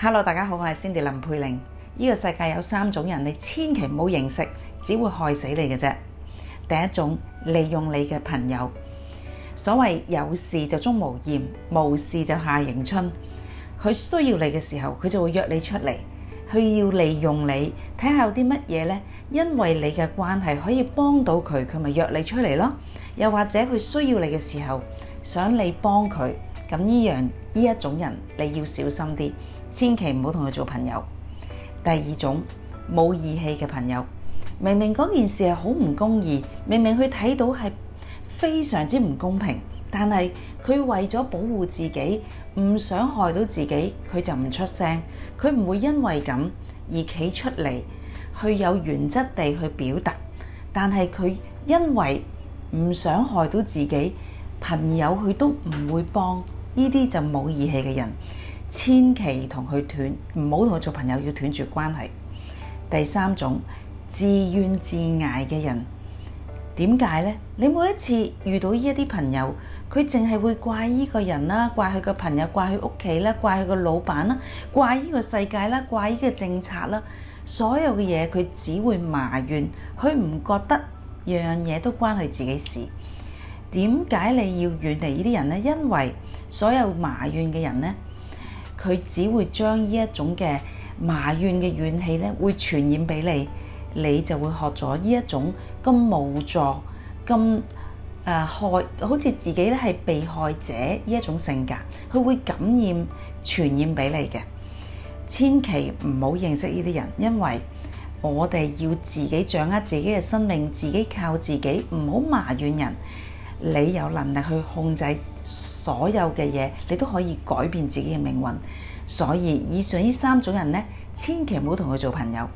Hello 大家好，我係 Cindy 林佩玲。呢個世界有三種人，你千祈唔好認識，只會害死你嘅啫。第一種，利用你嘅朋友，所謂有事就鍾無艷，無事就夏迎春。佢需要你嘅時候，佢就會約你出嚟，佢要利用你睇下有啲乜嘢呢？因為你嘅關係可以幫到佢，佢咪約你出嚟咯。又或者佢需要你嘅時候想你幫佢，咁呢樣呢一種人，你要小心啲。千祈唔好同佢做朋友。第二種，冇義氣嘅朋友，明明嗰件事係好唔公義，明明佢睇到係非常之唔公平，但係佢為咗保護自己，唔想害到自己，佢就唔出聲，佢唔會因為咁而企出嚟去有原則地去表達。但係佢因為唔想害到自己，朋友佢都唔會幫。呢啲就冇義氣嘅人。千祈同佢斷，唔好同佢做朋友，要斷絕關係。第三種，自怨自艾嘅人，點解呢？你每一次遇到呢一啲朋友，佢淨係會怪依個人啦，怪佢個朋友，怪佢屋企啦，怪佢個老闆啦，怪呢個世界啦，怪呢個政策啦，所有嘅嘢佢只會埋怨，佢唔覺得樣樣嘢都關佢自己事。點解你要遠離呢啲人呢？因為所有埋怨嘅人呢。佢只會將呢一種嘅埋怨嘅怨氣咧，會傳染俾你，你就會學咗呢一種咁無助、咁誒、呃、害，好似自己咧係被害者呢一種性格，佢會感染傳染俾你嘅。千祈唔好認識呢啲人，因為我哋要自己掌握自己嘅生命，自己靠自己，唔好埋怨人。你有能力去控制。所有嘅嘢，你都可以改變自己嘅命運。所以以上呢三種人咧，千祈唔好同佢做朋友。